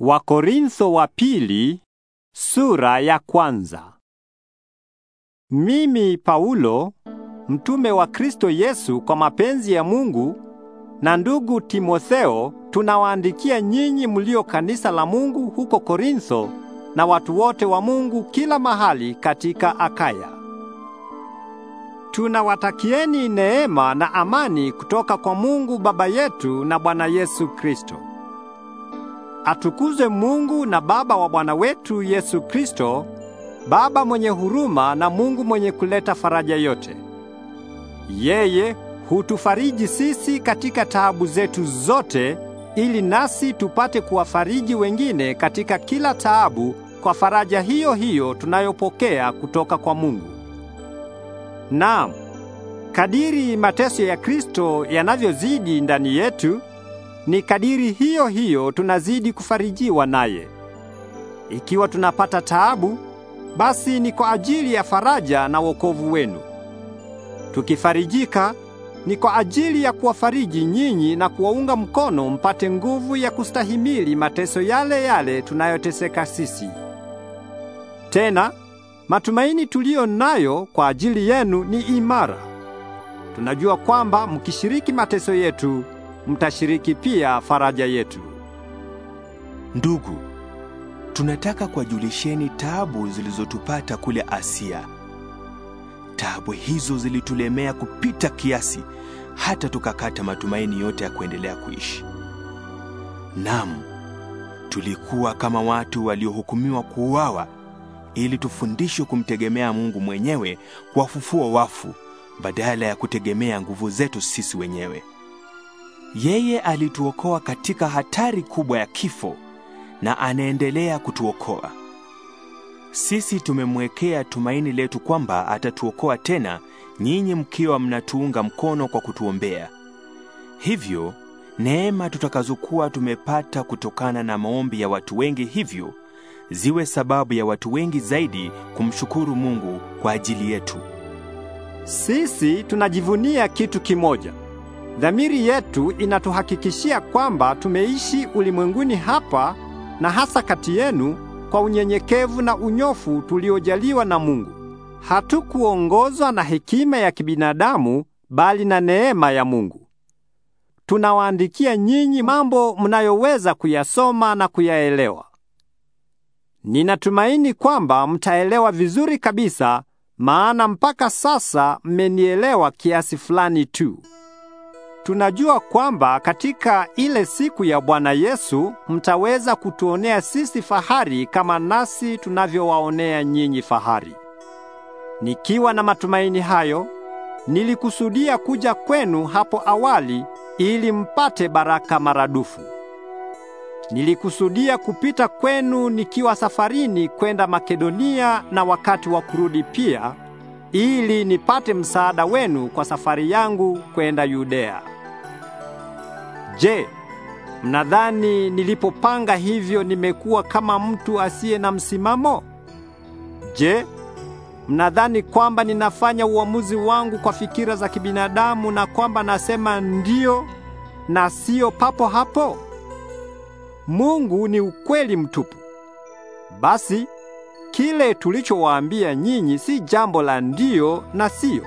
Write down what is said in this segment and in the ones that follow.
Wakorintho wa pili sura ya kwanza. Mimi Paulo mtume wa Kristo Yesu kwa mapenzi ya Mungu na ndugu Timotheo tunawaandikia nyinyi mlio kanisa la Mungu huko Korintho na watu wote wa Mungu kila mahali katika Akaya. Tunawatakieni neema na amani kutoka kwa Mungu Baba yetu na Bwana Yesu Kristo. Atukuzwe Mungu na Baba wa Bwana wetu Yesu Kristo, Baba mwenye huruma na Mungu mwenye kuleta faraja yote. Yeye hutufariji sisi katika taabu zetu zote ili nasi tupate kuwafariji wengine katika kila taabu kwa faraja hiyo hiyo tunayopokea kutoka kwa Mungu. Naam, kadiri mateso ya Kristo yanavyozidi ndani yetu, ni kadiri hiyo hiyo tunazidi kufarijiwa naye. Ikiwa tunapata taabu, basi ni kwa ajili ya faraja na wokovu wenu. Tukifarijika, ni kwa ajili ya kuwafariji nyinyi na kuwaunga mkono mpate nguvu ya kustahimili mateso yale yale tunayoteseka sisi. Tena matumaini tuliyo nayo kwa ajili yenu ni imara. Tunajua kwamba mkishiriki mateso yetu mtashiriki pia faraja yetu. Ndugu, tunataka kuwajulisheni taabu zilizotupata kule Asia. Taabu hizo zilitulemea kupita kiasi hata tukakata matumaini yote ya kuendelea kuishi. Naam, tulikuwa kama watu waliohukumiwa kuuawa ili tufundishwe kumtegemea Mungu mwenyewe kuwafufua wafu badala ya kutegemea nguvu zetu sisi wenyewe. Yeye alituokoa katika hatari kubwa ya kifo na anaendelea kutuokoa. Sisi tumemwekea tumaini letu kwamba atatuokoa tena, nyinyi mkiwa mnatuunga mkono kwa kutuombea. Hivyo neema tutakazokuwa tumepata kutokana na maombi ya watu wengi, hivyo ziwe sababu ya watu wengi zaidi kumshukuru Mungu kwa ajili yetu. Sisi tunajivunia kitu kimoja Dhamiri yetu inatuhakikishia kwamba tumeishi ulimwenguni hapa na hasa kati yenu kwa unyenyekevu na unyofu tuliojaliwa na Mungu. Hatukuongozwa na hekima ya kibinadamu bali na neema ya Mungu. Tunawaandikia nyinyi mambo mnayoweza kuyasoma na kuyaelewa. Ninatumaini kwamba mtaelewa vizuri kabisa maana mpaka sasa mmenielewa kiasi fulani tu. Tunajua kwamba katika ile siku ya Bwana Yesu mtaweza kutuonea sisi fahari kama nasi tunavyowaonea nyinyi fahari. Nikiwa na matumaini hayo, nilikusudia kuja kwenu hapo awali ili mpate baraka maradufu. Nilikusudia kupita kwenu nikiwa safarini kwenda Makedonia na wakati wa kurudi pia ili nipate msaada wenu kwa safari yangu kwenda Yudea. Je, mnadhani nilipopanga hivyo nimekuwa kama mtu asiye na msimamo? Je, mnadhani kwamba ninafanya uamuzi wangu kwa fikira za kibinadamu na kwamba nasema ndio na sio papo hapo? Mungu ni ukweli mtupu. Basi kile tulichowaambia nyinyi si jambo la ndio na sio.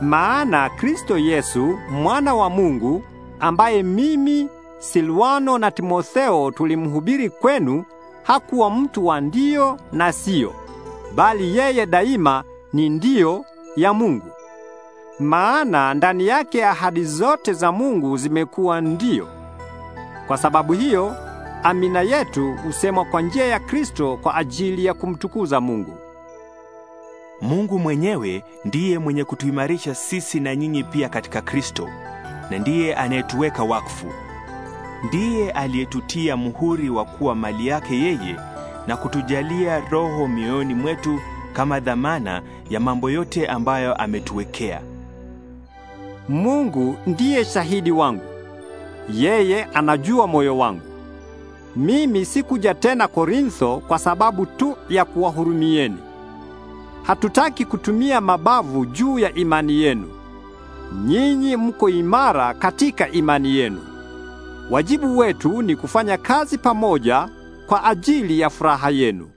Maana Kristo Yesu mwana wa Mungu ambaye mimi Silwano na Timotheo tulimhubiri kwenu hakuwa mtu wa ndio na sio, bali yeye daima ni ndio ya Mungu. Maana ndani yake ahadi zote za Mungu zimekuwa ndio. Kwa sababu hiyo, amina yetu husemwa kwa njia ya Kristo kwa ajili ya kumtukuza Mungu. Mungu mwenyewe ndiye mwenye kutuimarisha sisi na nyinyi pia katika Kristo na ndiye anayetuweka wakfu. Ndiye aliyetutia muhuri wa kuwa mali yake yeye na kutujalia Roho mioyoni mwetu kama dhamana ya mambo yote ambayo ametuwekea. Mungu ndiye shahidi wangu. Yeye anajua moyo wangu. Mimi sikuja tena Korintho kwa sababu tu ya kuwahurumieni. Hatutaki kutumia mabavu juu ya imani yenu nyinyi mko imara katika imani yenu. Wajibu wetu ni kufanya kazi pamoja kwa ajili ya furaha yenu.